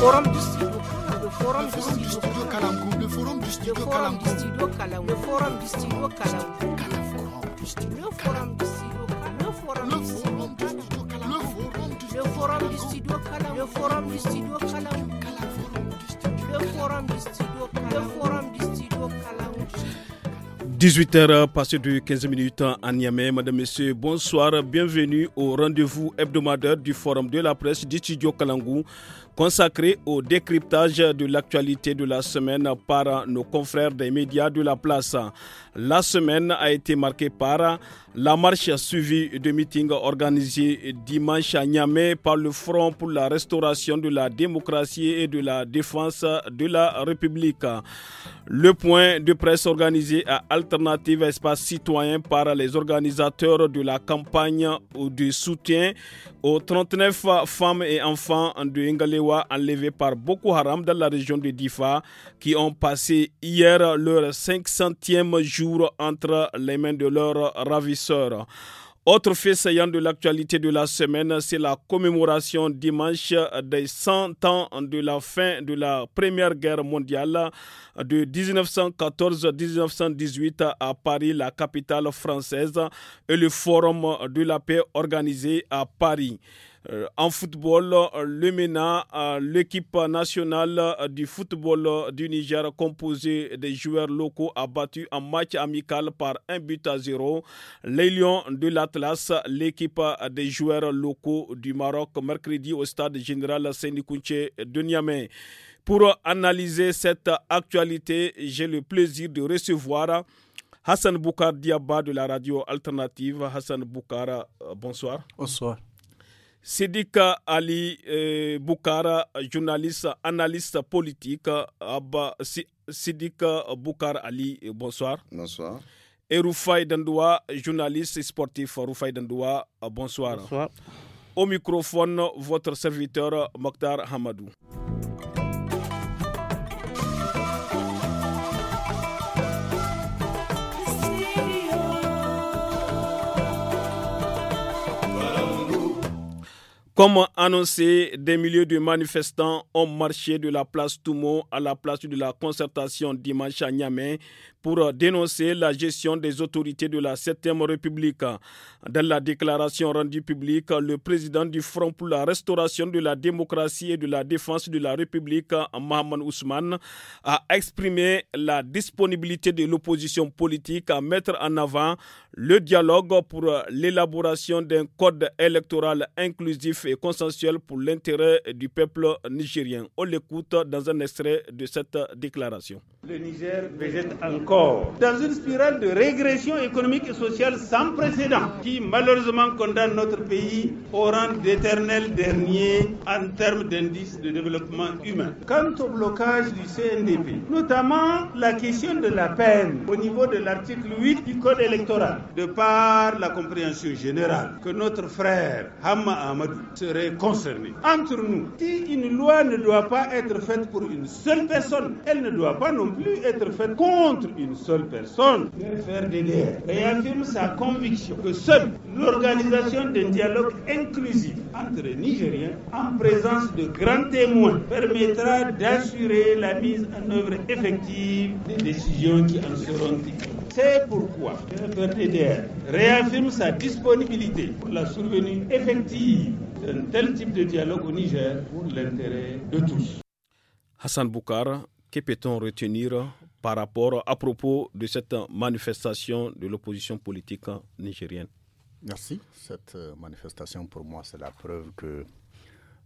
forum du le forum du studio le forum du studio le forum du studio le forum du studio le forum le forum le forum le forum 18h, passé de 15 minutes à Niamey. Madame, Messieurs, bonsoir. Bienvenue au rendez-vous hebdomadaire du Forum de la presse du studio Kalangou consacré au décryptage de l'actualité de la semaine par nos confrères des médias de la place. La semaine a été marquée par la marche suivie de meetings organisés dimanche à Niamey par le Front pour la restauration de la démocratie et de la défense de la République. Le point de presse organisé à Alternative Espace Citoyen par les organisateurs de la campagne de soutien aux 39 femmes et enfants de Ngalewa enlevés par beaucoup Haram dans la région de Difa qui ont passé hier leur 500e jour entre les mains de leurs ravisseurs. Autre fait saillant de l'actualité de la semaine, c'est la commémoration dimanche des 100 ans de la fin de la Première Guerre mondiale de 1914-1918 à Paris, la capitale française, et le Forum de la paix organisé à Paris. Euh, en football, euh, le MENA, euh, l'équipe nationale du football du Niger composée des joueurs locaux a battu un match amical par un but à zéro. Les Lions de l'Atlas, l'équipe des joueurs locaux du Maroc, mercredi au stade général Sénikouché de Niamey. Pour analyser cette actualité, j'ai le plaisir de recevoir Hassan Boukar Diaba de la radio alternative. Hassan Boukar, bonsoir. Bonsoir. Sidika Ali euh, Boukara, journaliste, analyste politique. Abba Sidika Ali, bonsoir. Bonsoir. Et Rufai journaliste sportif. Rufai Dandoua, bonsoir. Bonsoir. Au microphone, votre serviteur Mokhtar Hamadou. Comme annoncé, des milliers de manifestants ont marché de la place Toumo à la place de la concertation dimanche à Niamey pour dénoncer la gestion des autorités de la 7e République. Dans la déclaration rendue publique, le président du Front pour la restauration de la démocratie et de la défense de la République, Mohamed Ousmane, a exprimé la disponibilité de l'opposition politique à mettre en avant le dialogue pour l'élaboration d'un code électoral inclusif et consensuel pour l'intérêt du peuple nigérien. On l'écoute dans un extrait de cette déclaration. Le Niger végète encore dans une spirale de régression économique et sociale sans précédent qui malheureusement condamne notre pays au rang d'éternel dernier en termes d'indice de développement humain. Quant au blocage du CNDP, notamment la question de la peine au niveau de l'article 8 du Code électoral, de par la compréhension générale que notre frère Hamma Amadou serait concerné. Entre nous, si une loi ne doit pas être faite pour une seule personne, elle ne doit pas non plus être faite contre une une seule personne, faire réaffirme sa conviction que seule l'organisation d'un dialogue inclusif entre Nigériens, en présence de grands témoins, permettra d'assurer la mise en œuvre effective des décisions qui en seront prises. C'est pourquoi le FRDDR réaffirme sa disponibilité pour la survenue effective d'un tel type de dialogue au Niger pour l'intérêt de tous. Hassan Boukar, que peut-on retenir par rapport à propos de cette manifestation de l'opposition politique nigérienne. Merci. Cette euh, manifestation, pour moi, c'est la preuve que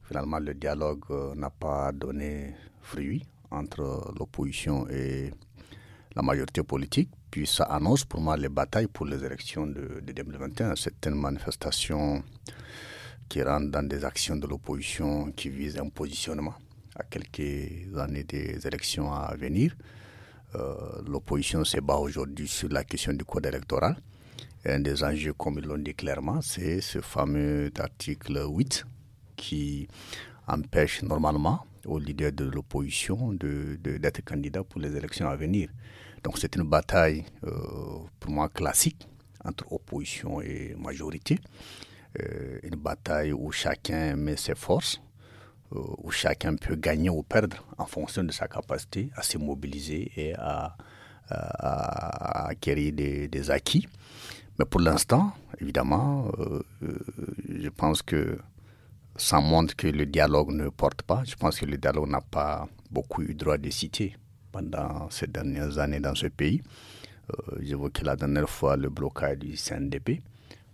finalement le dialogue euh, n'a pas donné fruit entre l'opposition et la majorité politique. Puis ça annonce pour moi les batailles pour les élections de, 2021. C'est une manifestation qui rentre dans des actions de l'opposition qui visent un positionnement à quelques années des élections à venir. Euh, l'opposition se bat aujourd'hui sur la question du code électoral. un des enjeux, comme ils l'ont dit clairement, c'est ce fameux article 8 qui empêche normalement aux leaders de l'opposition d'être de, candidats pour les élections à venir. Donc c'est une bataille euh, pour moi classique entre opposition et majorité, euh, une bataille où chacun met ses forces euh, où chacun peut gagner ou perdre en fonction de sa capacité à se mobiliser et à, acquérir des, acquis. Mais pour l'instant, évidemment, euh, euh, je pense que ça montre que le dialogue ne porte pas. Je pense que le dialogue n'a pas beaucoup eu droit de citer pendant ces dernières années dans ce pays. Euh, J'évoquais la dernière fois le blocage du CNDP.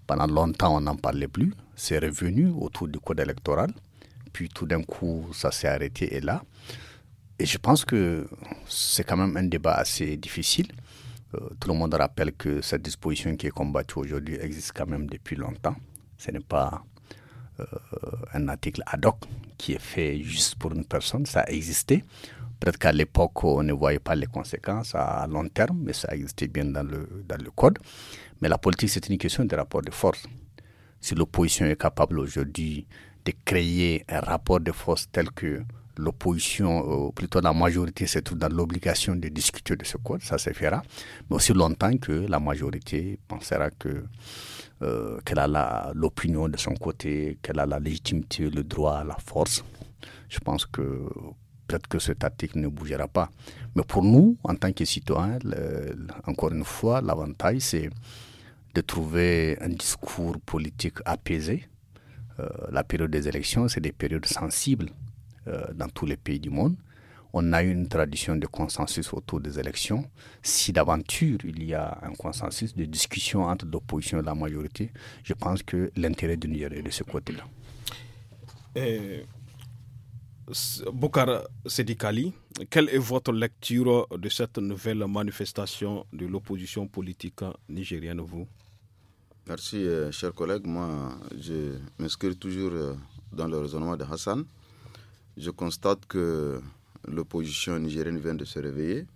Pendant longtemps, on n'en parlait plus. C'est revenu autour du code électoral puis tout d'un coup, ça s'est arrêté et là. Et je pense que c'est quand même un débat assez difficile. Euh, tout le monde rappelle que cette disposition qui est combattue aujourd'hui existe quand même depuis longtemps. Ce n'est pas euh, un article ad hoc qui est fait juste pour une personne. Ça a existé. Peut-être qu'à l'époque, on ne voyait pas les conséquences à long terme, mais ça existait bien dans le, dans le code. Mais la politique, c'est une question de rapport de force. Si l'opposition est capable aujourd'hui de créer un rapport de force tel que l'opposition, euh, plutôt la majorité, se trouve dans l'obligation de discuter de ce code, ça se fera, mais aussi longtemps que la majorité pensera que euh, qu'elle a l'opinion de son côté, qu'elle a la légitimité, le droit, la force. Je pense que peut-être que cette tactique ne bougera pas. Mais pour nous, en tant que citoyens, encore une fois, l'avantage, c'est de trouver un discours politique apaisé, euh, la période des élections, c'est des périodes sensibles euh, dans tous les pays du monde. On a une tradition de consensus autour des élections. Si d'aventure il y a un consensus de discussion entre l'opposition et la majorité, je pense que l'intérêt du Niger est de ce côté-là. Euh, Bokar Sedikali, quelle est votre lecture de cette nouvelle manifestation de l'opposition politique nigérienne, vous Merci, euh, chers collègues. Moi, je m'inscris toujours euh, dans le raisonnement de Hassan. Je constate que l'opposition nigérienne vient de se réveiller.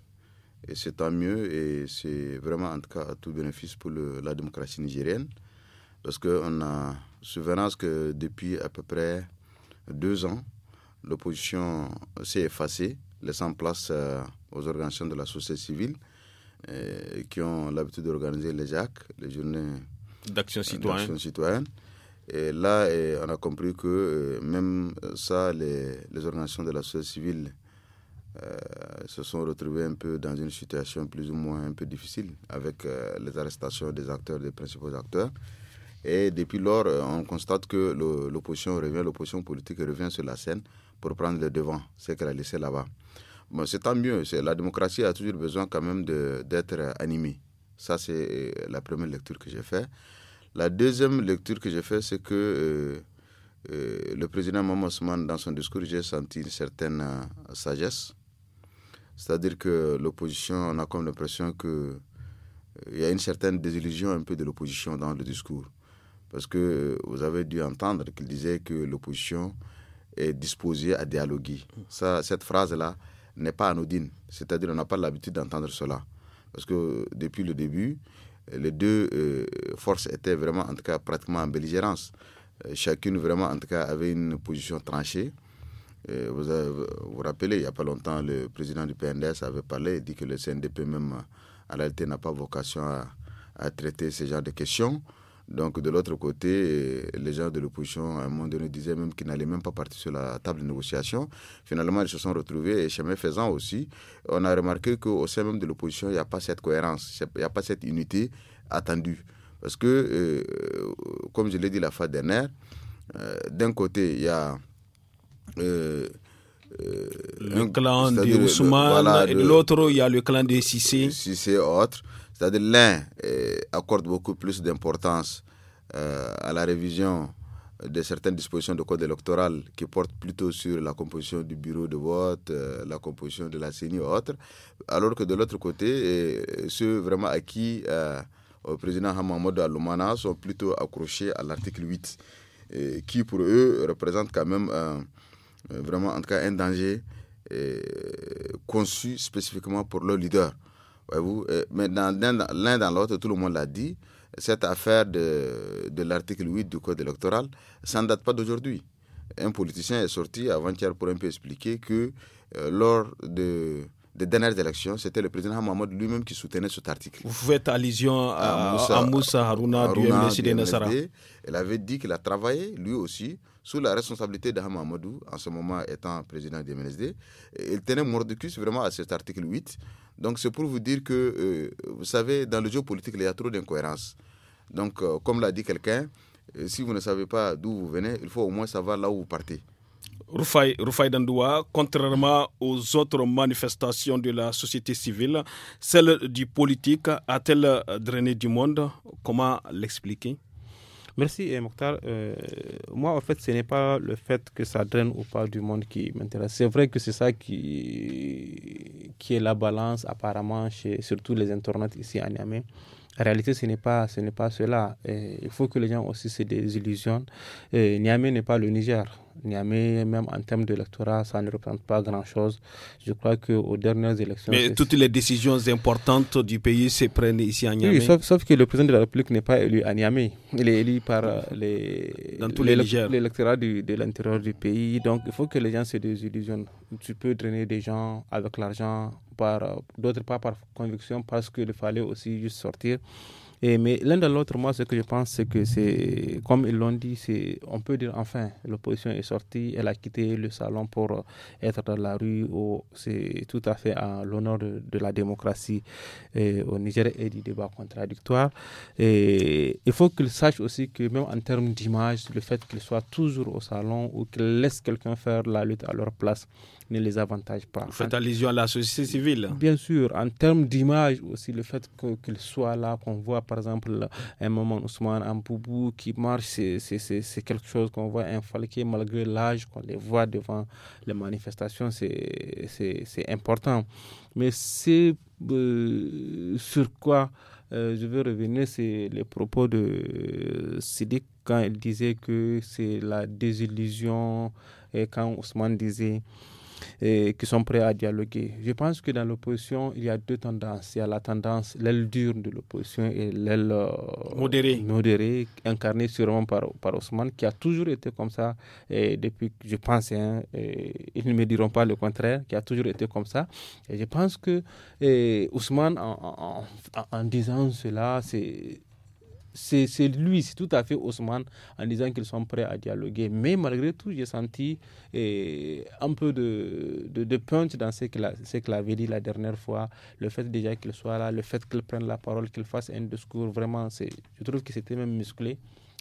Et c'est tant mieux. Et c'est vraiment, en tout cas, à tout bénéfice pour la démocratie nigérienne. Parce qu'on a souvenance que depuis à peu près deux ans, l'opposition s'est effacée, laissant place euh, aux organisations de la société civile qui ont l'habitude d'organiser les actes, les journées d'action citoyenne. Et là, eh, on a compris que eh, même euh, ça, les, organisations de la société civile euh, se sont retrouvées un peu dans une situation plus ou moins un peu difficile avec euh, les arrestations des acteurs, des principaux acteurs. Et depuis lors, on constate que l'opposition revient, l'opposition politique revient sur la scène pour prendre le devant, c'est qu'elle a laissé là-bas. Bon, c'est tant mieux, la démocratie a toujours besoin quand même d'être animée. Ça, c'est euh, la première lecture que j'ai faite. La deuxième lecture que j'ai faite, c'est que euh, euh, le président Maman dans son discours, j'ai senti une certaine sagesse. C'est-à-dire que l'opposition, on a comme l'impression qu'il il y a une certaine désillusion un peu de l'opposition dans le discours. Parce que vous avez dû entendre qu'il disait que l'opposition est disposée à dialoguer. Ça, cette phrase-là n'est pas anodine. C'est-à-dire qu'on n'a pas l'habitude d'entendre cela. Parce que depuis le début, les deux euh, forces étaient vraiment, en tout cas, pratiquement en belligérance. Euh, chacune, vraiment, en tout cas, avait une position tranchée. Euh, vous, vous rappelez, il n'y a pas longtemps, le président du PNDS avait parlé, dit que le CNDP même, à réalité, n'a pas vocation à traiter ce genre de questions. Donc de l'autre côté, euh, les gens de l'opposition à un moment donné disaient même qu'ils n'allaient même pas partir sur la table de négociation. Finalement, ils se sont retrouvés et chemin faisant aussi, on a remarqué qu'au sein même de l'opposition, il n'y a pas cette cohérence, il n'y a pas cette unité attendue. Parce que, euh, comme je l'ai dit la fois dernière, euh, d'un côté, il y a... le clan de Ousmane et de l'autre, il y a le clan de Sissé. Sissé, autre. C'est-à-dire l'un euh, accorde beaucoup plus d'importance euh, à la révision de certaines dispositions de code électoral qui portent plutôt sur la composition du bureau de vote, euh, la composition de la CENI ou autre, alors que de l'autre côté, ceux vraiment acquis euh, au président Hamamoud Aloumana sont plutôt accrochés à l'article 8, qui pour eux représente quand même vraiment en tout cas un danger conçu spécifiquement pour leur leader. Vous, euh, mais l'un dans l'autre, tout le monde l'a dit, cette affaire de, l'article 8 du Code électoral, ça ne date pas d'aujourd'hui. Un politicien est sorti avant-hier pour un peu expliquer que euh, lors de des dernières élections, c'était le président Hamad lui-même qui soutenait cet article. Vous faites allusion à, Moussa, Haruna, du, MSD, Il avait dit qu'il a travaillé, lui aussi, sous la responsabilité de en ce moment étant président du MSD Il tenait mordicus vraiment à cet article 8. Donc c'est pour vous dire que, euh, vous savez, dans le jeu politique, il y a trop d'incohérences. Donc, euh, comme l'a dit quelqu'un, euh, si vous ne savez pas d'où vous venez, il faut au moins savoir là où vous partez. Rufai, Rufai Dandoua, contrairement aux autres manifestations de la société civile, celle du politique a-t-elle drainé du monde Comment l'expliquer Merci eh, Mokhtar. Euh, moi, en fait, ce n'est pas le fait que ça draine ou pas du monde qui m'intéresse. C'est vrai que c'est ça qui, qui est la balance apparemment chez surtout les internautes ici à Niamey. En réalité, ce n'est pas, ce pas cela. il faut que les gens aussi se désillusionnent. Niamey n'est pas le Niger. Niamey, même en termes d'électorat, ça ne représente pas grand-chose. Je crois qu'aux dernières élections. Mais toutes les décisions importantes du pays se prennent ici à Niamey. Oui, sauf, que le président de la République n'est pas élu à Niamey. Il est élu par euh, les, Dans tous les l'électorat de l'intérieur du pays. Donc il faut que les gens se désillusionnent. Tu peux drainer des gens avec l'argent, par d'autres pas par conviction, parce qu'il fallait aussi juste sortir mais l'un de l'autre, moi, ce que je pense, c'est que c'est, comme ils l'ont dit, c'est, on peut dire enfin, l'opposition est sortie, elle a quitté le salon pour être dans la rue. c'est tout à fait à l'honneur de, la démocratie au Niger et du débat contradictoire. Et il faut qu'ils sachent aussi que même en termes d'image, le fait qu'ils soient toujours au salon ou qu'ils laissent quelqu'un faire la lutte à leur place, ne les avantage pas. Vous faites allusion à la société civile. Bien sûr, en termes d'image aussi, le fait qu'ils soient là, qu'on voit par exemple un moment Ousmane un qui marche, c'est quelque chose qu'on voit falqué malgré l'âge, qu'on les voit devant les manifestations, c'est important. Mais c'est euh, sur quoi euh, je veux revenir, c'est les propos de euh, Sidik quand il disait que c'est la désillusion et quand Ousmane disait et qui sont prêts à dialoguer. Je pense que dans l'opposition, il y a deux tendances. Il y a la tendance, l'aile dure de l'opposition et l'aile euh, modérée. modérée, incarnée sûrement par, par Ousmane, qui a toujours été comme ça, et depuis, je pense, hein, ils ne me diront pas le contraire, qui a toujours été comme ça. Et je pense que Ousmane, en disant cela, c'est c'est lui, c'est tout à fait Ousmane en disant qu'ils sont prêts à dialoguer. Mais malgré tout, j'ai senti eh, un peu de, de, punch dans ce qu'il avait dit la dernière fois. Le fait déjà qu'il soit là, le fait qu'il prenne la parole, qu'il fasse un discours, vraiment, je trouve que c'était même musclé.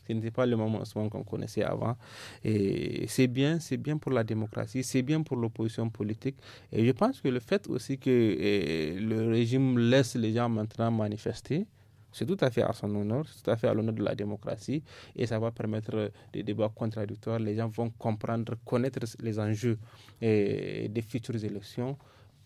Ce n'était pas le moment qu'on connaissait avant. Et c'est bien, c'est bien pour la démocratie, c'est bien pour l'opposition politique. Et je pense que le fait aussi que eh, le régime laisse les gens maintenant manifester, c'est tout à fait à son honneur, c'est tout à fait à l'honneur de la démocratie et ça va permettre euh, des débats contradictoires. Les gens vont comprendre, connaître les enjeux des futures élections.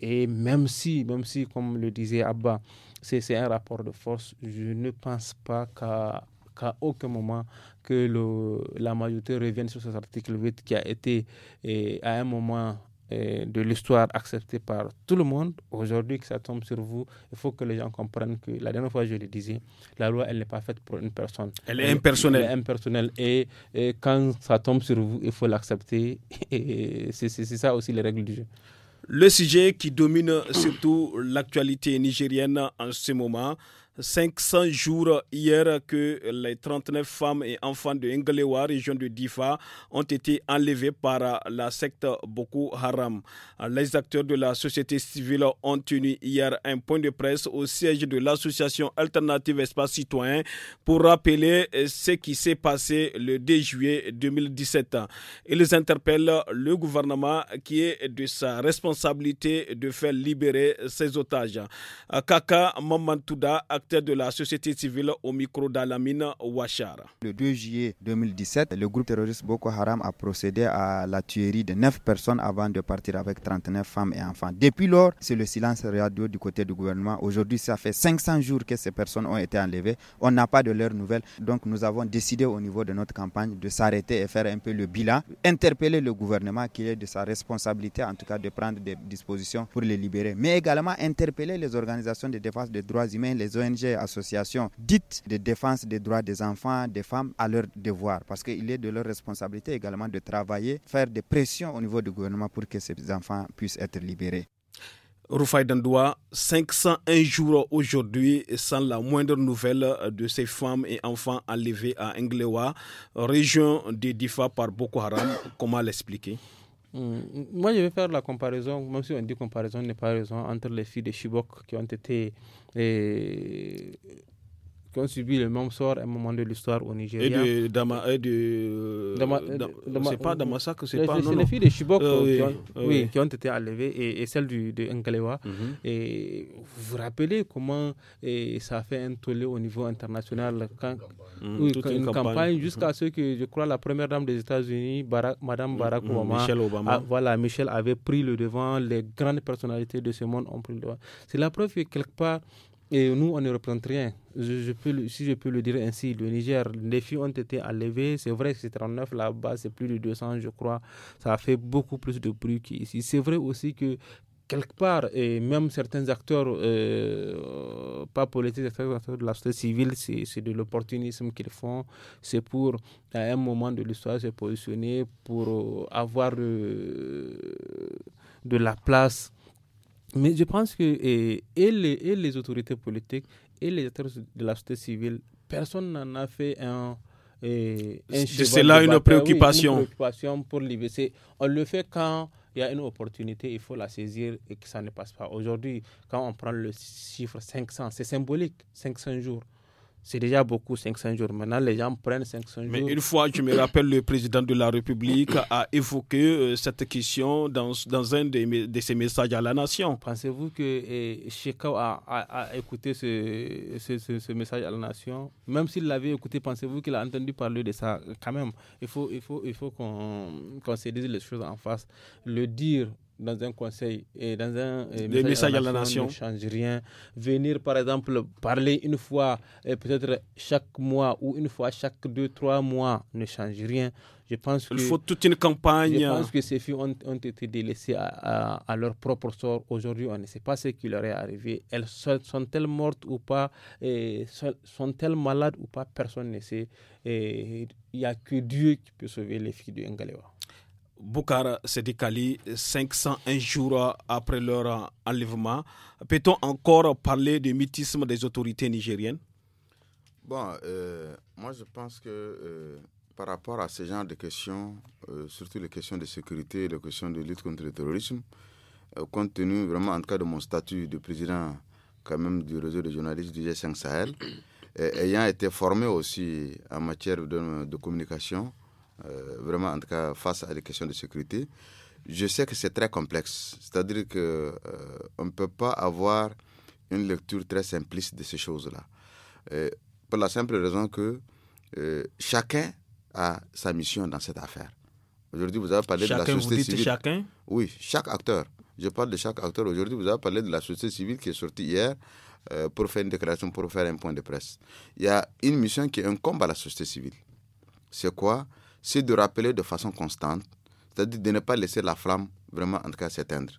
Et même si, même si, comme le disait Abba, c'est un rapport de force, je ne pense pas qu'à aucun moment que la majorité revienne sur cet article 8 qui a été à un moment de l'histoire acceptée par tout le monde. Aujourd'hui, que ça tombe sur vous, il faut que les gens comprennent que la dernière fois, je le disais, la loi, elle n'est pas faite pour une personne. Elle est impersonnelle. Elle est impersonnelle. Et, et quand ça tombe sur vous, il faut l'accepter. Et c'est ça aussi les règles du jeu. Le sujet qui domine surtout l'actualité nigérienne en ce moment, 500 jours hier que les 39 femmes et enfants de Ngalewa, région de Difa, ont été enlevés par la secte Boko Haram. Les acteurs de la société civile ont tenu hier un point de presse au siège de l'association Alternative Espace Citoyen pour rappeler ce qui s'est passé le 2 juillet 2017. Ils interpellent le gouvernement qui est de sa responsabilité de faire libérer ses otages. Kaka Mamantouda, de la société civile au micro d'Alamina Ouachar. Le 2 juillet 2017, le groupe terroriste Boko Haram a procédé à la tuerie de 9 personnes avant de partir avec 39 femmes et enfants. Depuis lors, c'est le silence radio du côté du gouvernement. Aujourd'hui, ça fait 500 jours que ces personnes ont été enlevées. On n'a pas de leurs nouvelles. Donc, nous avons décidé au niveau de notre campagne de s'arrêter et faire un peu le bilan, interpeller le gouvernement qui est de sa responsabilité, en tout cas de prendre des dispositions pour les libérer, mais également interpeller les organisations de défense des droits humains, les ONG Association associations dites de défense des droits des enfants, des femmes à leur devoir. Parce qu'il est de leur responsabilité également de travailler, faire des pressions au niveau du gouvernement pour que ces enfants puissent être libérés. Rufai Dandoua, 501 jours aujourd'hui sans la moindre nouvelle de ces femmes et enfants enlevés à Englewa, région de Difa par Boko Haram. Comment l'expliquer Mm. Moi, je vais faire la comparaison, même si on dit comparaison n'est pas raison, entre les filles de Chibok qui ont été eh, qui ont subi le même sort à un moment de l'histoire au Nigeria. Et de Dama, et de, euh, euh, c'est pas euh, massacre, c'est pas. C'est les filles de Chibok qui, ont, été enlevées et, et celle de Nkalewa. Mhm. Et vous vous rappelez comment ça a fait un tollé au niveau international quand, oui, une, campagne, mhm, mhm. jusqu'à ce que je crois la première dame des États-Unis, Barack, Madame Barack Obama, voilà, Michel avait pris le devant, les grandes personnalités de ce monde ont pris le devant. C'est la preuve que quelque part et nous, on ne représente rien. Je, peux si je peux le dire ainsi, le Niger, les filles ont été enlevées. C'est vrai que c'est 39 là-bas, c'est plus de 200, je crois. Ça a fait beaucoup plus de bruit qu'ici. C'est vrai aussi que quelque part, et même certains acteurs, euh, pas politiques, certains acteurs de la société civile, c'est de l'opportunisme qu'ils font. C'est pour, à un moment de l'histoire, se positionner, pour euh, avoir euh, de la place mais je pense que eh, et, les, autorités politiques et les acteurs de la société civile, personne n'en a fait un. Eh, c'est là une préoccupation. une préoccupation pour l'IBC. On le fait quand il y a une opportunité, il faut la saisir et que ça ne passe pas. Aujourd'hui, quand on prend le chiffre 500, c'est symbolique, 500 jours c'est déjà beaucoup 500 jours. Maintenant, les gens prennent 500 jours. Mais une fois, je me rappelle, le président de la République a évoqué euh, cette question dans, dans un de, ses messages à la nation. Pensez-vous que eh, a, écouté ce, ce, ce, message à la nation Même s'il l'avait écouté, pensez-vous qu'il a entendu parler de ça Quand même, il faut, il faut, il faut qu'on se dise les choses en face. Le dire dans un conseil et dans un euh, message, à la nation, ne change rien. Venir, par exemple, parler une fois, euh, peut-être chaque mois ou une fois chaque deux, trois mois, ne change rien. Je pense Il faut toute une campagne. Je pense que ces filles ont, été délaissées à, à, leur propre sort. Aujourd'hui, on ne sait pas ce qui leur est arrivé. Elles sont-elles mortes ou pas Sont-elles malades ou pas Personne ne sait. Il n'y a que Dieu qui peut sauver les filles de Ngalewa s'est décalé 501 jours après leur enlèvement. Peut-on encore parler du mythisme des autorités nigériennes Bon, euh, moi je pense que euh, par rapport à ce genre de questions, euh, surtout les questions de sécurité, les questions de lutte contre le terrorisme, compte tenu vraiment en tout cas de mon statut de président quand même du réseau de journalistes du G5 Sahel, ayant été formé aussi en matière de communication, euh, vraiment en tout cas face à des questions de sécurité. Je sais que c'est très complexe, c'est-à-dire qu'on euh, on ne peut pas avoir une lecture très simpliste de ces choses-là. Euh, pour la simple raison que chacun a sa mission dans cette affaire. Aujourd'hui, vous avez parlé de la société civile. Chacun Oui, chaque acteur. Je parle de chaque acteur. Aujourd'hui, vous avez parlé de la société civile qui est sortie hier pour faire une déclaration, pour faire un point de presse. Il y a une mission qui incombe à la société civile. C'est quoi c'est de rappeler de façon constante, c'est-à-dire de ne pas laisser la flamme vraiment en tout cas s'éteindre,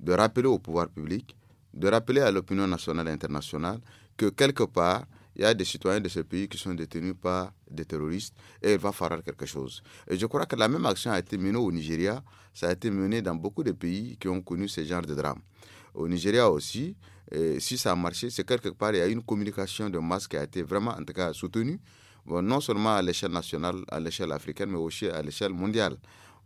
de rappeler au pouvoir public, de rappeler à l'opinion nationale et internationale que quelque part, il y a des citoyens de ce pays qui sont détenus par des terroristes et il va falloir quelque chose. Et je crois que la même action a été menée au Nigeria, ça a été mené dans beaucoup de pays qui ont connu ce genre de drame. Au Nigeria aussi, si ça a marché, c'est quelque part, il y a une communication de masse qui a été vraiment, en tout cas, soutenue non seulement à l'échelle nationale, à l'échelle africaine, mais aussi à l'échelle mondiale.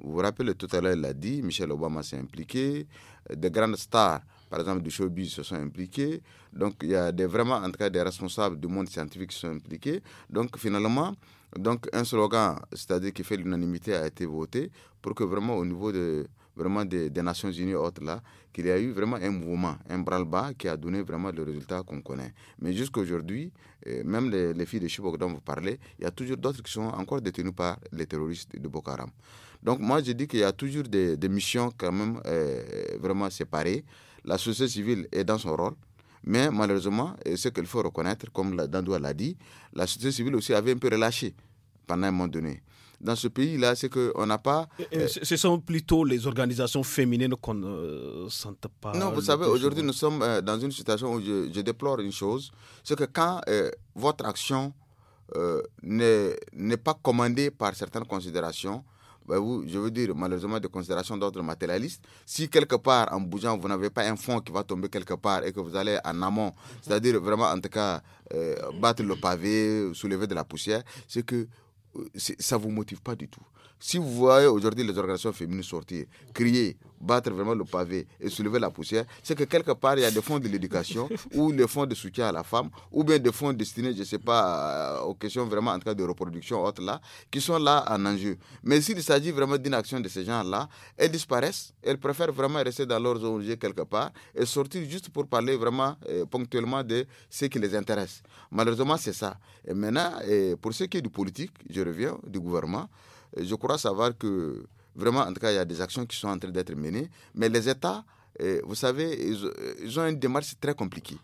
Vous vous rappelez, tout à l'heure, il l'a dit, Michel Obama s'est impliqué, des grandes stars, par exemple, du showbiz se sont impliquées. Donc, il y a des, vraiment, en tout cas, des responsables du monde scientifique qui sont impliqués. Donc, finalement, donc, un slogan, c'est-à-dire qui fait l'unanimité, a été voté pour que vraiment, au niveau de, vraiment des, Nations Unies autres là, qu'il y a eu vraiment un mouvement, un bras-le-bas qui a donné vraiment le résultat qu'on connaît. Mais jusqu'à aujourd'hui, eh, même les, filles de Chibok dont vous parlez, il y a toujours d'autres qui sont encore détenues par les terroristes de Boko Haram. Donc moi, je dis qu'il y a toujours des, missions quand même eh, vraiment séparées. La société civile est dans son rôle. Mais malheureusement, ce qu'il faut reconnaître, comme Dandoua l'a dit, la société civile aussi avait un peu relâché pendant un moment donné dans ce pays-là, c'est qu'on n'a pas. ce sont plutôt les organisations féminines qu'on ne euh, sent pas. Non, vous savez, aujourd'hui, nous sommes euh, dans une situation où je, déplore une chose c'est que quand euh, votre action n'est pas commandée par certaines considérations, ben vous, je veux dire, malheureusement, des considérations d'ordre matérialiste. Si quelque part, en bougeant, vous n'avez pas un fond qui va tomber quelque part et que vous allez en amont, c'est-à-dire vraiment, en tout cas, battre le pavé, soulever de la poussière, c'est que euh, ça vous motive pas du tout. Si vous voyez aujourd'hui les organisations féminines sortir, crier, battre vraiment le pavé et soulever la poussière, c'est que quelque part, il y a des fonds de l'éducation ou des fonds de soutien à la femme ou bien des fonds destinés, je ne sais pas, euh, aux questions vraiment en cas de reproduction autre là, qui sont là en enjeu. Mais s'il s'agit vraiment d'une action de ces gens-là, elles disparaissent, elles préfèrent vraiment rester dans leurs ONG quelque part et sortir juste pour parler vraiment euh, ponctuellement de ce qui les intéresse. Malheureusement, c'est ça. Et maintenant, pour ce qui est du politique, je reviens, du gouvernement, je crois savoir que vraiment, en tout cas, il y a des actions qui sont en train d'être menées. Mais les États, eh, vous savez, ils, ont une démarche très compliquée.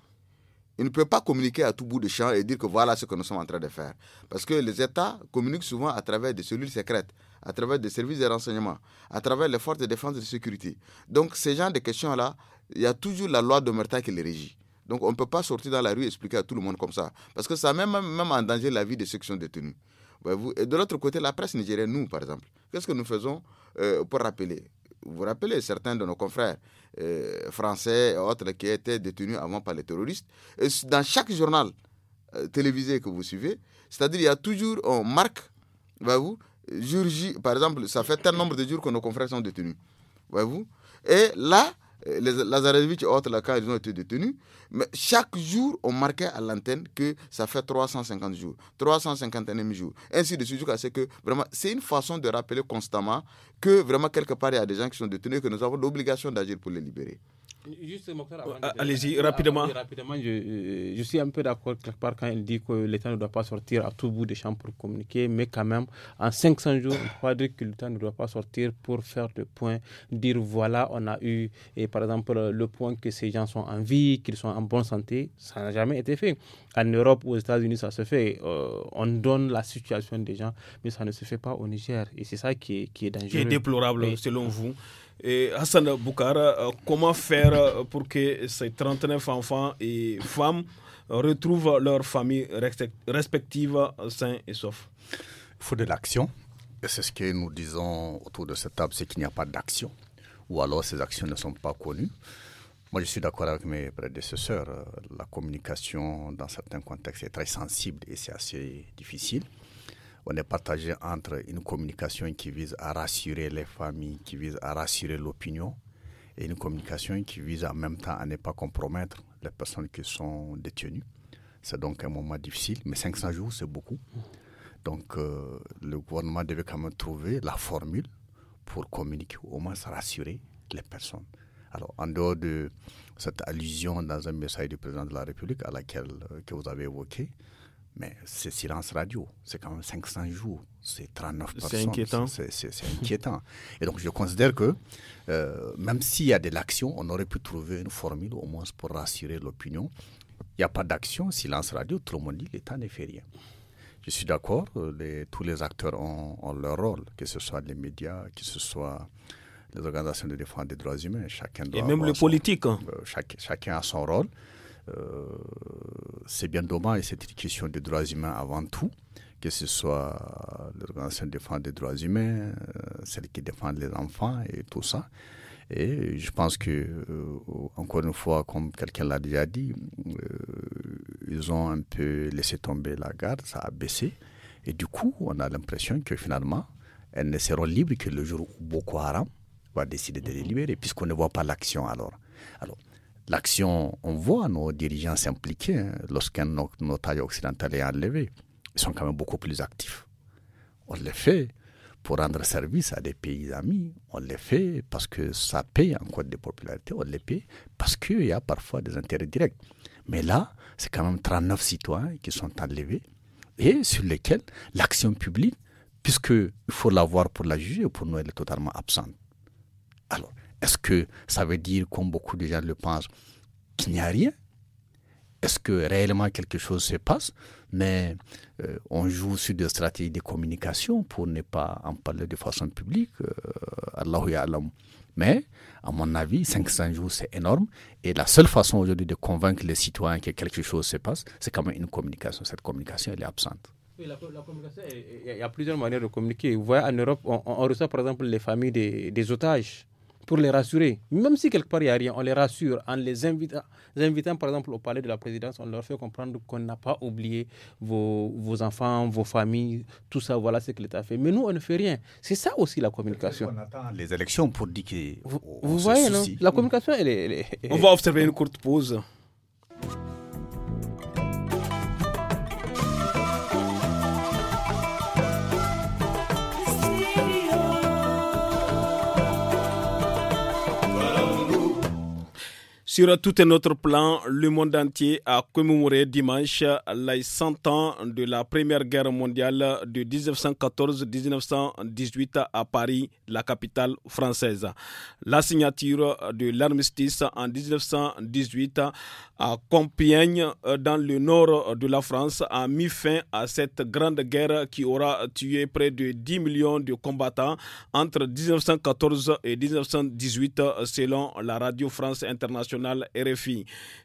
Ils ne peuvent pas communiquer à tout bout de champ et dire que voilà ce que nous sommes en train de faire. Parce que les États communiquent souvent à travers des cellules secrètes, à travers des services de renseignement, à travers les forces de défense et de sécurité. Donc, ces gens de questions-là, il y a toujours la loi de Merta qui les régit. Donc on ne peut pas sortir dans la rue et expliquer à tout le monde comme ça. Parce que ça met même, même en danger la vie de ceux qui sont détenus. Bah, et de l'autre côté, la presse nigérienne, nous, par exemple, qu'est-ce que nous faisons euh, pour rappeler Vous vous rappelez certains de nos confrères euh, français et autres qui étaient détenus avant par les terroristes. dans chaque journal euh, télévisé que vous suivez, c'est-à-dire il y a toujours, on marque, bah, vous par exemple, ça fait tel nombre de jours que nos confrères sont détenus. Bah, vous Et là, euh, les Lazarevitch et autres, là, quand ils ont été détenus, mais chaque jour, on marquait à l'antenne que ça fait 350 jours, 351 jours, ainsi de suite, jusqu'à ce que vraiment, c'est une façon de rappeler constamment que vraiment, quelque part, il y a des gens qui sont détenus que nous avons l'obligation d'agir pour les libérer. Euh, allez-y, rapidement. rapidement euh, je, suis un peu d'accord quelque part quand il dit que l'État ne doit pas sortir à tout bout des champs pour communiquer, mais quand même, en 500 jours, on ne dire que l'État ne doit pas sortir pour faire le point, dire voilà, on a eu, et par exemple, le point que ces gens sont en vie, qu'ils sont en bonne santé, ça n'a jamais été fait. En Europe ou aux États-Unis, ça se fait. Euh, on donne la situation des gens, mais ça ne se fait pas au Niger. Et c'est ça qui est, qui est dangereux déplorable selon vous. Et Hassan Boukara, euh, comment faire euh, pour que ces 39 enfants et femmes retrouvent leurs familles respectives sains et saufs Il faut de l'action. C'est ce que nous disons autour de cette table, c'est qu'il n'y a pas d'action. Ou alors ces actions ne sont pas connues. Moi, je suis d'accord avec mes prédécesseurs. Euh, la communication, dans certains contextes, est très sensible et c'est assez difficile on est partagé entre une communication qui vise à rassurer les familles, qui vise à rassurer l'opinion, et une communication qui vise en même temps à ne pas compromettre les personnes qui sont détenues. C'est donc un moment difficile, mais 500 jours, c'est beaucoup. Donc euh, le gouvernement devait quand même trouver la formule pour communiquer, au moins rassurer les personnes. Alors, en dehors de cette allusion dans un message du président de la République à laquelle euh, que vous avez évoqué, mais c'est silence radio, c'est quand même 500 jours, c'est 39 personnes. C'est inquiétant. C'est inquiétant. Et donc, je considère que euh, même s'il y a de l'action, on aurait pu trouver une formule au moins pour rassurer l'opinion. Il n'y a pas d'action, silence radio, tout le monde dit l'État ne fait rien. Je suis d'accord, euh, tous les acteurs ont, leur rôle, que ce soit les médias, que ce soit les organisations de défense des droits humains, chacun doit. Et même le politique. Hein. Euh, chacun a son rôle. Euh, c'est bien dommage, c'est une question des droits humains avant tout, que ce soit l'organisation défense des droits humains, euh, celle qui défend les enfants et tout ça. Et je pense que, euh, encore une fois, comme quelqu'un l'a déjà dit, ils ont un peu laissé tomber la garde, ça a baissé. Et du coup, on a l'impression que finalement, elles ne seront libres que le jour où Boko Haram va décider de les mhm. libérer, puisqu'on ne voit pas l'action alors. Alors, l'action, on voit nos dirigeants s'impliquer hein, lorsqu'un notaire occidental est enlevé. Ils sont quand même beaucoup plus actifs. On les fait pour rendre service à des pays amis. On les fait parce que ça paye en code de popularité. On le paye parce qu'il y a parfois des intérêts directs. Mais là, c'est quand même 39 citoyens qui sont enlevés et sur lesquels l'action publique, puisqu'il faut l'avoir pour la juger, pour nous, elle est totalement absente. Alors, est-ce que ça veut dire, comme beaucoup de gens le pensent, qu'il n'y a rien Est-ce que réellement quelque chose se passe Mais euh, on joue sur des stratégies de communication pour ne pas en parler de façon publique. Euh, Allahu Mais, à mon avis, 500 jours, c'est énorme. Et la seule façon aujourd'hui de convaincre les citoyens que quelque chose se passe, c'est quand même une communication. Cette communication, elle est absente. Oui, la, communication, il y a plusieurs manières de communiquer. Vous voyez, en Europe, on, reçoit par exemple les familles des otages pour les rassurer. Même si quelque part il n'y a rien, on les rassure en les invitant, invitant par exemple au palais de la présidence, on leur fait comprendre qu'on n'a pas oublié vos, enfants, vos familles, tout ça, voilà ce que l'État fait. Mais nous, on ne fait rien. C'est ça aussi la communication. On attend les élections pour dire que. Vous, voyez, non la communication, elle est... On va observer une courte pause. Sur tout un autre plan, le monde entier a commémoré dimanche les 100 ans de la Première Guerre mondiale de 1914-1918 à Paris, la capitale française. La signature de l'armistice en 1918 à Compiègne, dans le nord de la France, a mis fin à cette grande guerre qui aura tué près de 10 millions de combattants entre 1914 et 1918 selon la Radio France Internationale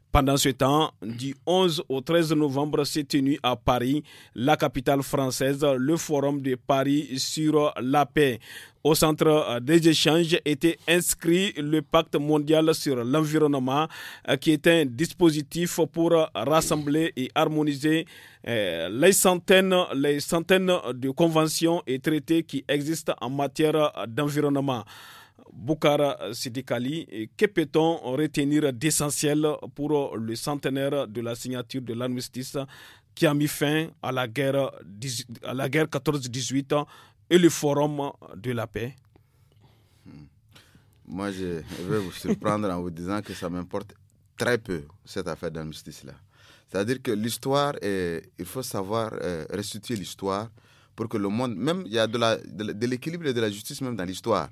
pendant ce temps, du 11 au 13 novembre s'est tenu à Paris, la capitale française, le forum de Paris sur la paix. Au centre euh, des échanges était inscrit le pacte mondial sur l'environnement, euh, qui est un dispositif pour rassembler et harmoniser euh, les centaines de conventions et traités qui existent en matière d'environnement. Boukara Sidikali, que peut-on retenir d'essentiel pour le centenaire de la signature de l'armistice qui a mis fin à la guerre, à la guerre 14-18 et le forum de la paix hmm. Moi, je vais vous surprendre en vous disant que ça m'importe très peu, cette affaire d'armistice-là. C'est-à-dire que l'histoire, il faut savoir euh, restituer l'histoire pour que le monde, même il y a de l'équilibre et de la justice même dans l'histoire.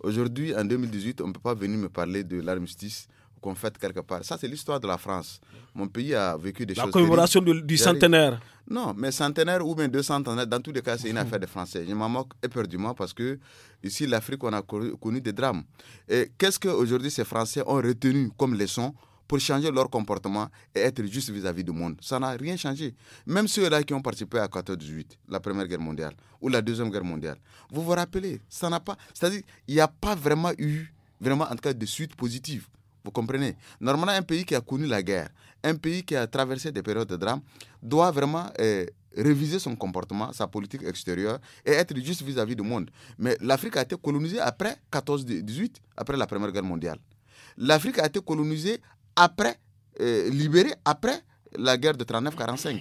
Aujourd'hui, en 2018, on ne peut pas venir me parler de l'armistice qu'on fait quelque part. Ça, c'est l'histoire de la France. Mon pays a vécu des choses. La commémoration du, centenaire. Non, mais centenaire ou bien deux centenaire, dans tous les cas, c'est une affaire des Français. Je m'en moque éperdument parce que ici, l'Afrique, on a connu, connu des drames. Et qu'est-ce qu'aujourd'hui ces Français ont retenu comme leçon pour changer leur comportement et être juste vis-à-vis du monde. Ça n'a rien changé. Même ceux-là qui ont participé à 14-18, la Première Guerre mondiale ou la Deuxième Guerre mondiale, vous vous rappelez, ça n'a pas... C'est-à-dire, il n'y a pas vraiment eu, vraiment en tout cas, de suite positive. Vous comprenez Normalement, un pays qui a connu la guerre, un pays qui a traversé des périodes de drame, doit vraiment... Euh, réviser son comportement, sa politique extérieure et être juste vis à -vis du monde. Mais l'Afrique a été colonisée après 14-18, après la Première Guerre mondiale. L'Afrique a été colonisée après, euh, libéré après la guerre de 39-45.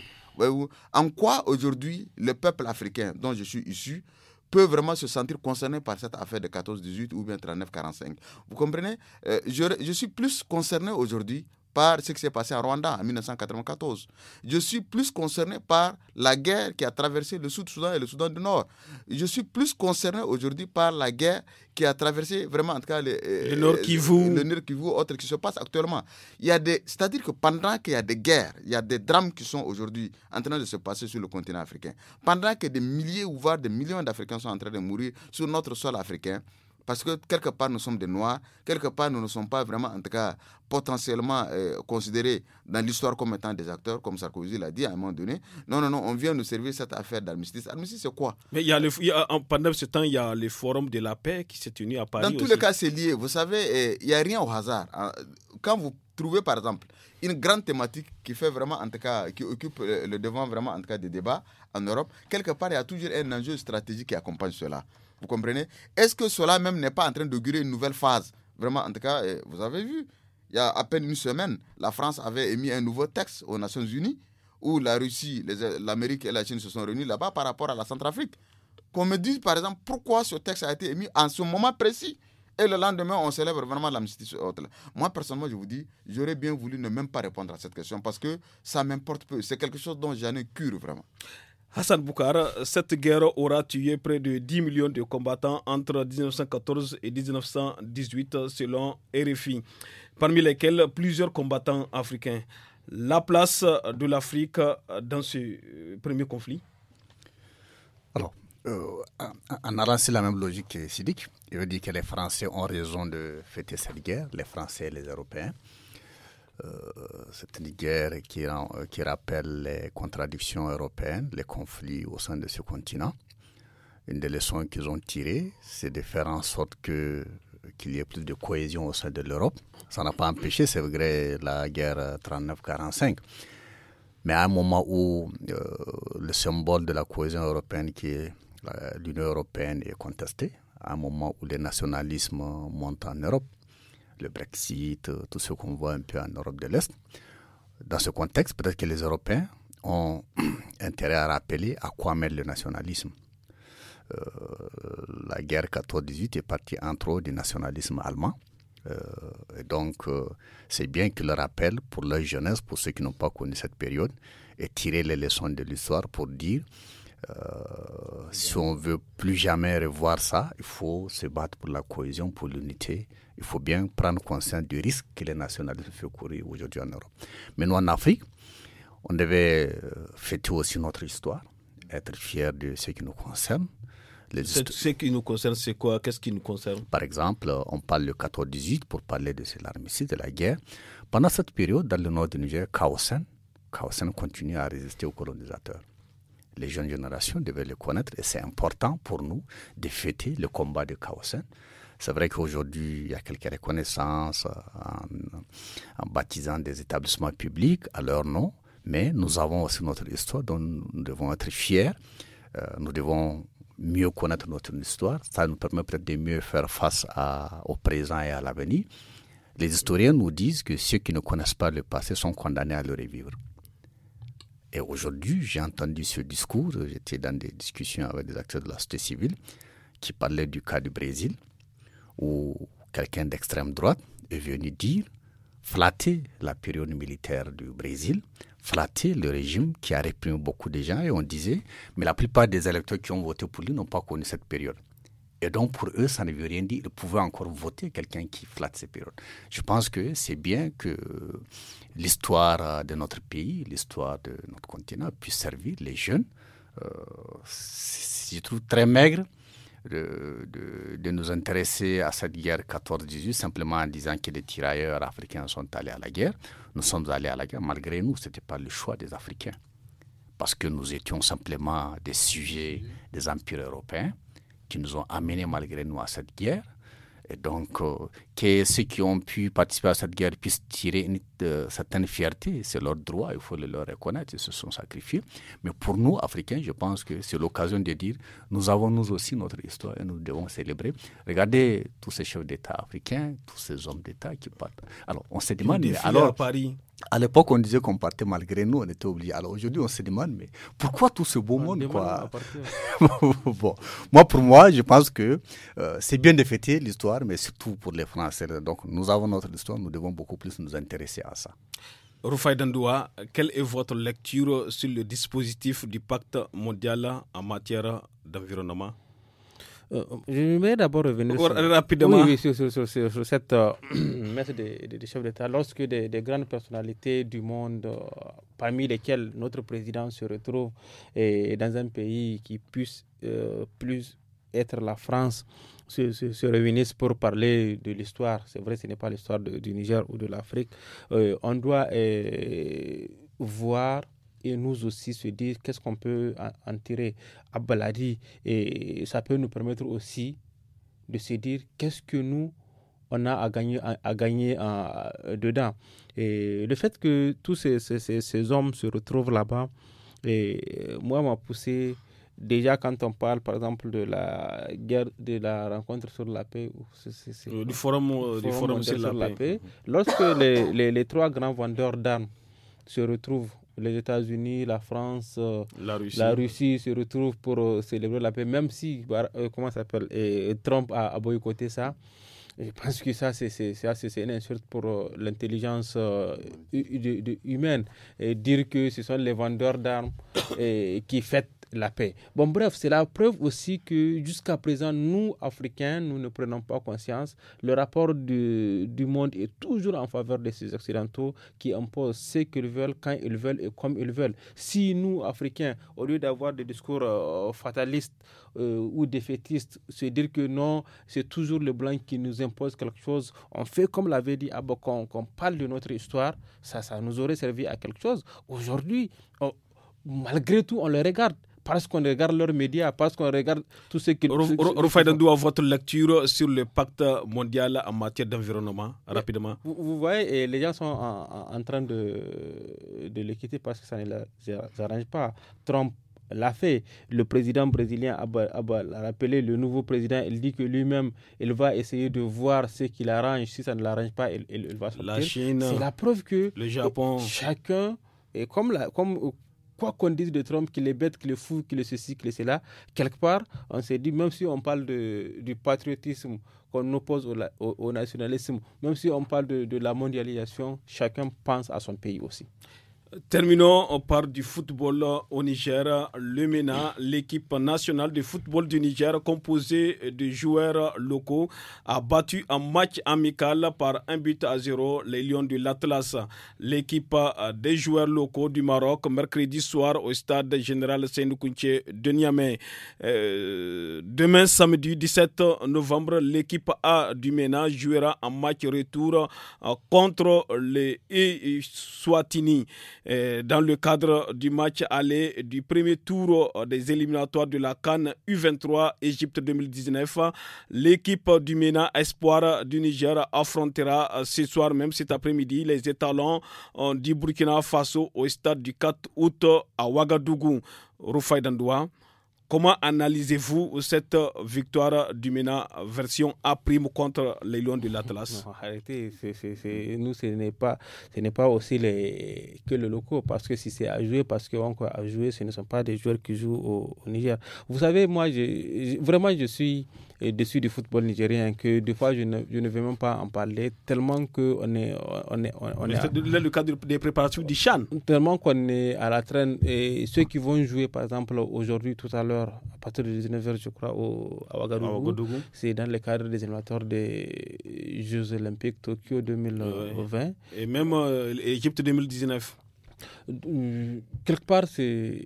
En quoi aujourd'hui le peuple africain dont je suis issu peut vraiment se sentir concerné par cette affaire de 14-18 ou bien 39-45 Vous comprenez euh, je, je suis plus concerné aujourd'hui par ce qui s'est passé à Rwanda en 1994. Je suis plus concerné par la guerre qui a traversé le Sud-Soudan et le Soudan du Nord. Je suis plus concerné aujourd'hui par la guerre qui a traversé vraiment, en tout cas, les, euh, le Nord Kivu, le Nord autre qui se passe actuellement. Il y a des, c'est-à-dire que pendant qu'il y a des guerres, il y a des drames qui sont aujourd'hui en train de se passer sur le continent africain. Pendant que des milliers ou voire des millions d'Africains sont en train de mourir sur notre sol africain, parce que quelque part, nous sommes des Noirs, quelque part, nous ne sommes pas vraiment, en tout cas, potentiellement euh, considérés dans l'histoire comme étant des acteurs, comme Sarkozy l'a dit à un moment donné. Non, non, non, on vient nous servir cette affaire d'armistice. Armistice, c'est quoi Mais il y a le, pendant ce temps, il y a le forum de la paix qui s'est tenu à Paris. Dans tous les cas, c'est lié. Vous savez, euh, il n'y a rien au hasard. Hein. Quand vous trouvez, par exemple, une grande thématique qui fait vraiment, en cas, qui occupe le devant vraiment, en tout cas, des débats en Europe, quelque part, il y a toujours un enjeu stratégique qui accompagne cela. Vous comprenez Est-ce que cela même n'est pas en train d'augurer une nouvelle phase Vraiment, en tout cas, eh, vous avez vu, il y a à peine une semaine, la France avait émis un nouveau texte aux Nations Unies où la Russie, l'Amérique et la Chine se sont réunis là-bas par rapport à la Centrafrique. Qu'on me dise par exemple pourquoi ce texte a été émis en ce moment précis et le lendemain on célèbre vraiment l'amnistie. Moi personnellement je vous dis, j'aurais bien voulu ne même pas répondre à cette question parce que ça m'importe peu. C'est quelque chose dont j'en ai cure vraiment. Hassan Boukar, cette guerre aura tué près de 10 millions de combattants entre 1914 et 1918 selon RFI, parmi lesquels plusieurs combattants africains. La place de l'Afrique dans ce premier conflit Alors, euh, en allant sur la même logique que Sidique, il veut dire que les Français ont raison de fêter cette guerre, les Français et les Européens. Euh, cette une qui, euh, qui rappelle les contradictions européennes, les conflits au sein de ce continent. Une des leçons qu'ils ont tirées, c'est de faire en sorte que qu'il y ait plus de cohésion au sein de l'Europe. Ça n'a pas empêché, c'est vrai, la guerre 39-45. Mais à un moment où euh, le symbole de la cohésion européenne, qui est l'Union européenne, est contesté, à un moment où les nationalismes montent en Europe, le Brexit, euh, tout ce qu'on voit un peu en Europe de l'Est. Dans ce contexte, peut-être que les Européens ont intérêt à rappeler à quoi mène le nationalisme. Euh, la guerre 14-18 est partie entre autres du nationalisme allemand. Euh, et donc, c'est bien qu'ils le rappellent pour leur jeunesse, pour ceux qui n'ont pas connu cette période, et tirer les leçons de l'histoire pour dire si on veut plus jamais revoir ça, il faut se battre pour la cohésion, pour l'unité, il faut bien prendre conscience du risque que les nationalistes font courir aujourd'hui en Europe. Mais nous, en Afrique, on devait euh, fêter aussi notre histoire, être fiers de ce qui nous concerne. Ce qui nous concerne, c'est quoi Qu'est-ce qui nous concerne Par exemple, on parle de 14-18 pour parler de l'armistice, de la guerre. Pendant cette période, dans le nord du Niger, Kaosen, Kaosen continue à résister aux colonisateurs. Les jeunes générations devaient le connaître et c'est important pour nous de fêter le combat de Kaosen. C'est vrai qu'aujourd'hui, il y a quelques reconnaissances en, baptisant des établissements publics à leur nom, mais nous avons aussi notre histoire dont nous devons être fiers. Euh, nous devons mieux connaître notre histoire. Ça nous permet peut-être de mieux faire face au présent et à l'avenir. Les historiens nous disent que ceux qui ne connaissent pas le passé sont condamnés à le revivre. Et aujourd'hui, j'ai entendu ce discours, j'étais dans des discussions avec des acteurs de la société civile qui parlaient du cas du Brésil où quelqu'un d'extrême droite est venu dire, flatter la période militaire du Brésil, flatter le régime qui a réprimé beaucoup de gens. Et on disait, mais la plupart des électeurs qui ont voté pour lui n'ont pas connu cette période. Et donc, pour eux, ça ne veut rien dire. Ils pouvaient encore voter quelqu'un qui flatte ces périodes. Je pense que c'est bien que l'histoire de notre pays, l'histoire de notre continent puisse servir les jeunes. Euh, je trouve très maigre de, de, nous intéresser à cette guerre 14-18 simplement en disant que les tirailleurs africains sont allés à la guerre. Nous sommes allés à la guerre malgré nous, ce n'était pas le choix des Africains, parce que nous étions simplement des sujets des empires européens qui nous ont amenés malgré nous à cette guerre. Et donc, euh, que ceux qui ont pu participer à cette guerre puissent tirer une euh, certaine fierté, c'est leur droit, il faut le leur reconnaître, ils se sont sacrifiés. Mais pour nous, Africains, je pense que c'est l'occasion de dire, nous avons nous aussi notre histoire et nous devons célébrer. Regardez tous ces chefs d'État africains, tous ces hommes d'État qui partent. Alors, on se demande... Alors, à Paris à l'époque, on disait qu'on partait malgré nous, on était obligé. Alors aujourd'hui, on se demande, mais pourquoi tout ce beau monde quoi Moi, pour moi, je pense que euh, c'est bien de fêter l'histoire, mais surtout pour les Français. Donc nous avons notre histoire, nous devons beaucoup plus nous intéresser à ça. Rufai Dandoua, quelle est votre lecture sur le dispositif du pacte mondial en matière d'environnement euh, je vais d'abord revenir sur, rapidement. sur, cette euh, messe des, chefs d'État. Lorsque des, grandes personnalités du monde, euh, parmi lesquelles notre président se retrouve, et dans un pays qui puisse plus être la France, se, se, réunissent pour parler de l'histoire. C'est vrai, ce n'est pas l'histoire du Niger ou de l'Afrique. on doit voir et nous aussi se dire qu'est-ce qu'on peut en tirer à Baladi. Et ça peut nous permettre aussi de se dire qu'est-ce que nous, on a à gagner, à, gagner euh, dedans. Et le fait que tous ces, ces, ces hommes se retrouvent là-bas, et euh, moi, m'a poussé déjà quand on parle par exemple de la guerre de la rencontre sur la paix ou euh, du forum, du forum sur, la, paix. lorsque les, les, les, trois grands vendeurs d'armes se retrouvent les États-Unis, la France, euh, la Russie. la Russie. se retrouvent pour euh, célébrer la paix, même si bah, euh, comment s'appelle Trump a, boycotté ça. Je pense que ça, c'est une insulte pour l'intelligence humaine. Et dire que ce sont les vendeurs d'armes qui fêtent la paix. Bon, bref, c'est la preuve aussi que jusqu'à présent, nous, Africains, nous ne prenons pas conscience. Le rapport du, du monde est toujours en faveur de ces Occidentaux qui imposent ce qu'ils veulent, quand ils veulent et comme ils veulent. Si nous, Africains, au lieu d'avoir des discours euh, fatalistes euh, ou défaitistes, se dire que non, c'est toujours le blanc qui nous impose quelque chose, on fait comme l'avait dit Abokon, qu'on parle de notre histoire, ça, ça nous aurait servi à quelque chose. Aujourd'hui, malgré tout, on le regarde parce qu'on regarde leurs médias, parce qu'on regarde tout ce qu'ils... à votre lecture sur le pacte mondial en matière d'environnement, rapidement. Vous, voyez, et les gens sont en, en train de, de le quitter parce que ça ne les arrange pas. Trump l'a fait. Le président brésilien a l'a rappelé, le nouveau président, il dit que lui-même, il va essayer de voir ce qu'il arrange. Si ça ne l'arrange pas, il, il, il va sortir. La Chine, c'est la preuve que le Japon. chacun, et comme, la, comme, quoi qu'on dise de Trump, qu'il est bête, qu'il est fou, qu'il est ceci, qu'il est cela, quelque part, on s'est dit, même si on parle du patriotisme qu'on oppose au, nationalisme, même si on parle de la mondialisation, chacun pense à son pays aussi. Terminons par du football au Niger. Le MENA, l'équipe nationale de football du Niger, composée de joueurs locaux, a battu un match amical par un but à zéro les Lions de l'Atlas. L'équipe des joueurs locaux du Maroc, mercredi soir au stade général Seynoukounché de Niamey. Euh, demain, samedi 17 novembre, l'équipe A du MENA jouera un match retour euh, contre les Swatini. Euh, dans le cadre du match aller du premier tour euh, des éliminatoires de la Cannes U23 Égypte 2019. L'équipe du MENA Espoir du Niger affrontera euh, ce soir même cet après-midi les étalons du Burkina Faso au stade du 4 août à Ouagadougou. Rufai Dandoua. Comment analysez-vous cette victoire du MENA version A prime contre les Lions de l'Atlas Arrêtez, nous ce n'est pas ce n'est pas aussi les, que le locaux parce que si c'est à jouer parce qu'on encore à jouer, ce ne sont pas des joueurs qui jouent au, Niger. Vous savez, moi, je, vraiment, je suis dessus du football nigérien que des fois je ne, je ne vais même pas en parler tellement que on est on est on, est le cadre des préparations du Chan tellement qu'on est à la traîne et ceux qui vont jouer par exemple aujourd'hui tout à l'heure à partir de 19h je crois au à Ouagadougou c'est dans le cadre des animateurs des Jeux olympiques Tokyo 2020 et même euh, l'Égypte 2019 euh, quelque part c'est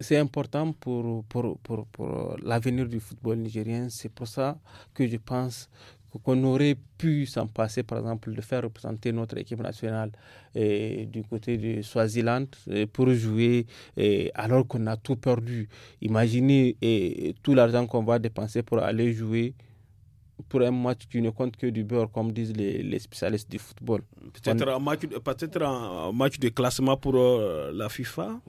c'est important pour, pour, pour, pour l'avenir du football nigérien. C'est pour ça que je pense qu'on aurait pu s'en passer, par exemple, de faire représenter notre équipe nationale et, eh, du côté de Swaziland eh, pour jouer eh, alors qu'on a tout perdu. Imaginez tout l'argent qu'on va dépenser pour aller jouer pour un match qui ne compte que du beurre, comme disent les, spécialistes du football. Peut-être un, match, peut un match de classement pour euh, la FIFA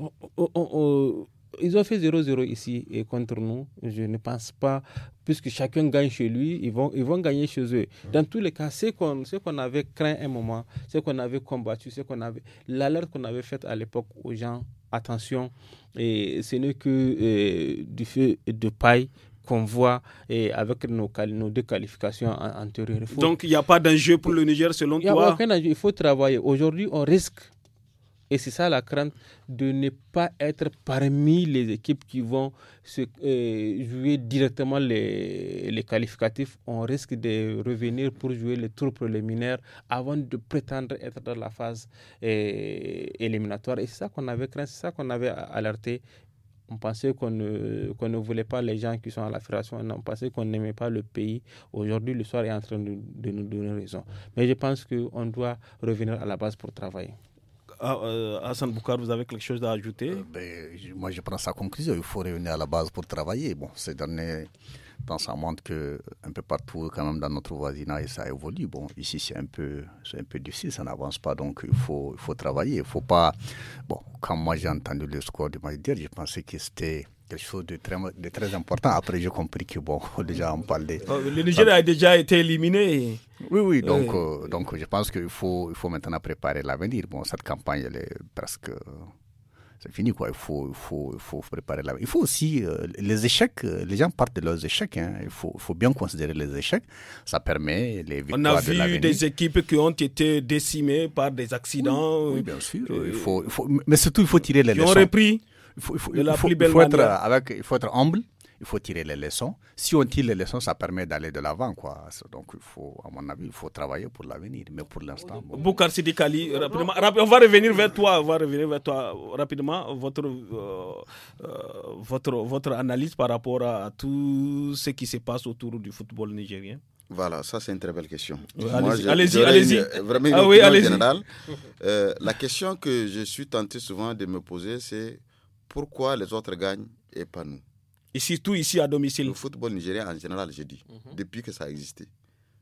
ils ont fait 0-0 ici et contre nous. Je ne pense pas, puisque chacun gagne chez lui, ils vont, ils vont gagner chez eux. Dans tous les cas, ce qu'on avait craint un moment, ce qu'on avait combattu, ce qu'on avait, l'alerte qu'on avait faite à l'époque aux gens, attention, et ce n'est que euh, du feu de paille qu'on voit et avec nos, nos, deux qualifications antérieures. Donc il n'y a pas d'enjeu pour le Niger selon toi il n'y a aucun enjeu. Il faut travailler. Aujourd'hui, on risque et c'est ça la crainte de ne pas être parmi les équipes qui vont euh, jouer directement les, qualificatifs. On risque de revenir pour jouer les tours préliminaires avant de prétendre être dans la phase euh, éliminatoire. Et c'est ça qu'on avait craint, c'est ça qu'on avait alerté on pensait qu'on ne, voulait pas les gens qui sont à la fédération, on pensait qu'on n'aimait pas le pays. Aujourd'hui, le soir est en train de nous donner raison. Mais je pense qu'on doit revenir à la base pour travailler. Ah, euh, Hassan Boukar, vous avez quelque chose à ajouter euh, ben, Moi, je prends sa conclusion. Il faut réunir à la base pour travailler. Bon, ces derniers temps, ça montre qu'un peu partout, quand même, dans notre voisinage, ça évolue. Bon, ici, c'est un peu, c'est un peu difficile, ça n'avance pas. Donc, il faut, il faut travailler. Il faut pas. Bon, quand moi, j'ai entendu le score de Maïdir, je pensais que c'était quelque chose de très, de très important. Après, j'ai compris que, bon, déjà, on parlait... Oh, le Niger a déjà été éliminé. Oui, oui, euh. donc, euh, donc je pense qu'il faut, il faut maintenant préparer l'avenir. Bon, cette campagne, elle est presque c'est fini quoi. Il faut, il faut, il faut préparer l'avenir. Il faut aussi euh, les échecs. Les gens partent de leurs échecs. Hein. Il faut, faut, bien considérer les échecs. Ça permet les victoires. On a vu des équipes qui ont été décimées par des accidents. Oui, bien sûr. il faut, mais surtout il faut tirer les leçons. Ils ont repris il faut, être humble, il faut tirer les leçons. Si on tire les leçons, ça permet d'aller de l'avant. Quoi. Donc, il faut, à mon avis, il faut travailler pour l'avenir. Mais pour l'instant. Boukar Sidi rapidement, on, va revenir vers toi, on va revenir vers toi rapidement. Votre, euh, euh, votre, votre analyse par rapport à tout ce qui se passe autour du football nigérien voilà, ça c'est une très belle question. Euh, allez-y, allez-y. vraiment, ah oui, la question que je suis tenté souvent de me poser, c'est pourquoi les autres gagnent et pas nous Ici tout ici à domicile. Le football nigérien en général, j'ai dit, mhm. depuis que ça a existé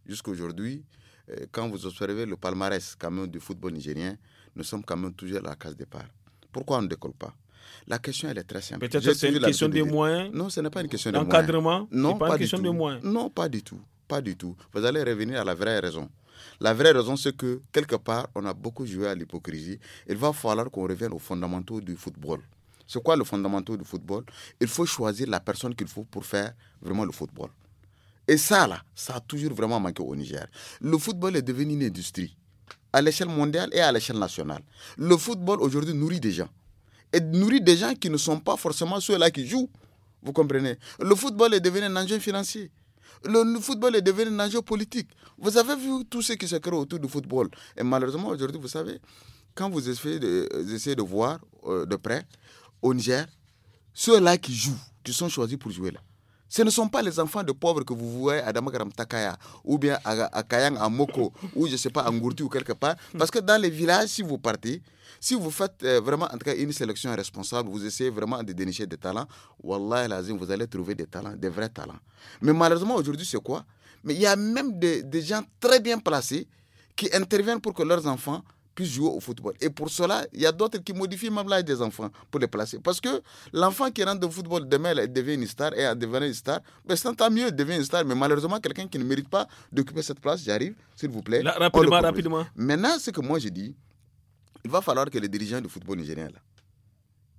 jusqu'à aujourd'hui, euh, quand vous observez le palmarès du football nigérien, nous sommes quand même toujours à la case départ. Pourquoi on ne décolle pas La question, elle est très simple. Peut-être que c'est une question de des moyens Non, ce n'est pas une question de moyens. D'encadrement Non, pas, du tout. de Non, pas du tout. Pas du tout. Vous allez revenir à la vraie raison. La vraie raison, c'est que, quelque part, on a beaucoup joué à l'hypocrisie. Il va falloir qu'on revienne aux fondamentaux du football. C'est quoi le fondamental du football Il faut choisir la personne qu'il faut pour faire vraiment le football. Et ça, là, ça a toujours vraiment manqué au Niger. Le football est devenu une industrie à l'échelle mondiale et à l'échelle nationale. Le football aujourd'hui nourrit des gens. Et nourrit des gens qui ne sont pas forcément ceux-là qui jouent. Vous comprenez Le football est devenu un enjeu financier. Le football est devenu un enjeu politique. Vous avez vu tout ce qui se crée autour du football. Et malheureusement, aujourd'hui, vous savez, quand vous essayez de, euh, voir euh, de près, au Niger, ceux-là qui jouent, qui sont choisis pour jouer là, ce ne sont pas les enfants de pauvres que vous voyez à Damagaram Takaya, ou bien à, Kayang, à Moko, ou je ne sais pas, à Ngourti ou quelque part. Parce que dans les villages, si vous partez, si vous faites euh, vraiment en une sélection responsable, vous essayez vraiment de dénicher des talents, Wallah vous allez trouver des talents, des vrais talents. Mais malheureusement, aujourd'hui, c'est quoi Mais il y a même des gens très bien placés qui interviennent pour que leurs enfants jouer au football. Et pour cela, il y a d'autres qui modifient même l'âge des enfants pour les placer. Parce que l'enfant qui rentre au football demain, il devient une star et à devenir une star, Mais c'est tant mieux, elle devient une star. Mais malheureusement, quelqu'un qui ne mérite pas d'occuper cette place, j'arrive, s'il vous plaît. rapidement, rapidement. Maintenant, ce que moi je dis, il va falloir que les dirigeants du football nigérien, là,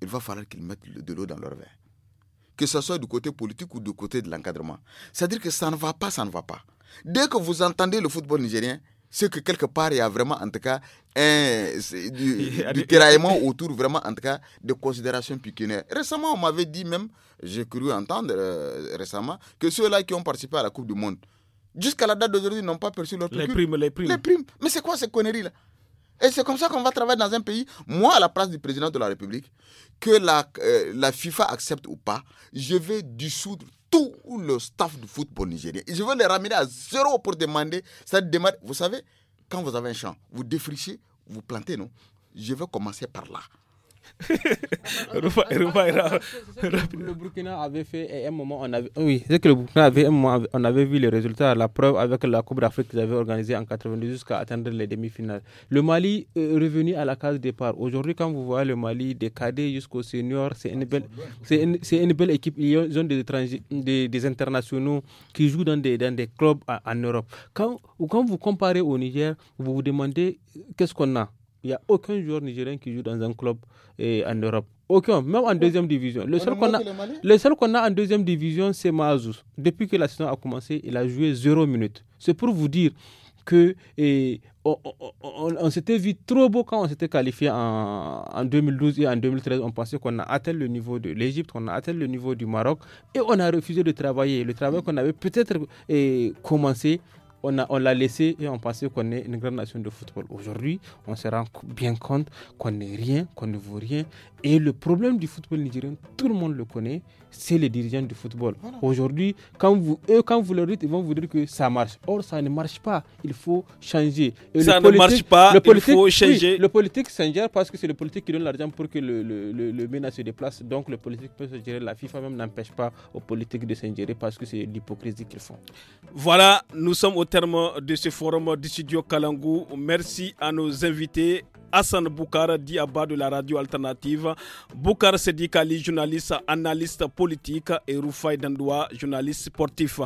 il va falloir qu'ils mettent de l'eau dans leur verre. Que ce soit du côté politique ou du côté de l'encadrement. C'est-à-dire que ça ne va pas, ça ne va pas. Dès que vous entendez le football nigérien, c'est que quelque part, il y a vraiment, en tout cas, un, du, tiraillement autour, vraiment, en tout cas, de considérations piquinaires. Récemment, on m'avait dit même, j'ai cru entendre euh, récemment, que ceux-là qui ont participé à la Coupe du Monde, jusqu'à la date d'aujourd'hui, n'ont pas perçu leur les primes, les primes. Les primes. Mais c'est quoi ces conneries-là et c'est comme ça qu'on va travailler dans un pays. Moi, à la place du président de la République, que la, euh, la FIFA accepte ou pas, je vais dissoudre tout le staff du football nigérien. je veux les ramener à zéro pour demander cette démarre Vous savez, quand vous avez un champ, vous défrichez, vous plantez, non Je veux commencer par là. Le Burkina avait fait un moment, on avait, oui, c'est que le Burkina avait un moment, on avait vu les résultats, la preuve avec la Coupe d'Afrique qu'ils avaient organisée en 92 jusqu'à atteindre les demi-finales. Le Mali est revenu à la case départ. Aujourd'hui, quand vous voyez le Mali décadé jusqu'au jusqu'aux seniors, c'est une belle, c'est une, belle équipe. Ils ont des, des, des internationaux qui jouent dans des, dans des clubs en, Europe. Quand, quand vous comparez au Niger, vous vous demandez qu'est-ce qu'on a. Il n'y a aucun joueur nigérien qui joue dans un club et eh, en Europe. Aucun, même en deuxième division. Le seul qu'on a, le seul qu'on a en deuxième division, c'est Mazou Depuis que la saison a commencé, il a joué zéro minute. C'est pour vous dire que eh, on, on, on, on s'était vu trop beau quand on s'était qualifié en, en, 2012 et en 2013. On pensait qu'on a atteint le niveau de l'Égypte, qu'on a atteint le niveau du Maroc et on a refusé de travailler. Le travail qu'on avait peut-être eh, commencé on l'a laissé et on pensait qu'on est une grande nation de football. Aujourd'hui, on se rend bien compte qu'on n'est rien, qu'on ne vaut rien. Et le problème du football nigérien, tout le monde le connaît, c'est les dirigeants du football. Aujourd'hui, quand vous, eux, quand vous leur dites, ils vont vous dire que ça marche. Or, ça ne marche pas. Il faut changer. ça ne marche pas. il faut changer. le politique s'ingère parce que c'est le politique qui donne l'argent pour que le, le, le, se déplace. Donc, le politique peut se gérer. La FIFA même n'empêche pas aux politiques de s'ingérer parce que c'est l'hypocrisie qu'ils font. Voilà, nous sommes au terme de ce forum du studio Kalangou. Merci à nos invités. Hassan Boukar, Diaba de la radio alternative, Boukar Sedikali, journaliste, analyste politique, et Rufai Dandoua, journaliste sportif.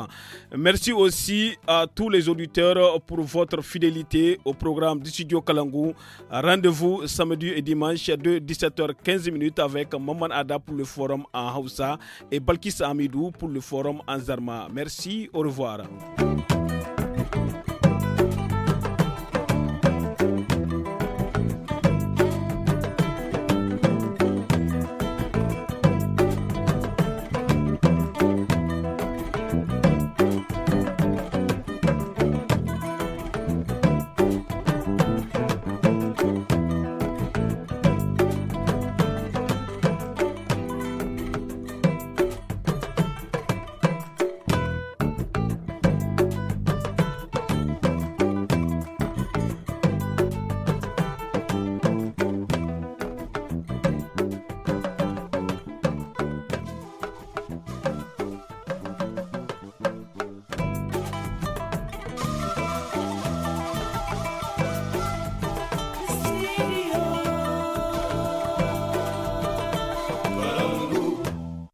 Merci aussi à tous les auditeurs pour votre fidélité au programme du studio Kalangou. Rendez-vous samedi et dimanche à 17h15 avec Maman Ada pour le forum en Hausa et Balkis Amidou pour le forum en Zarma. Merci, au revoir.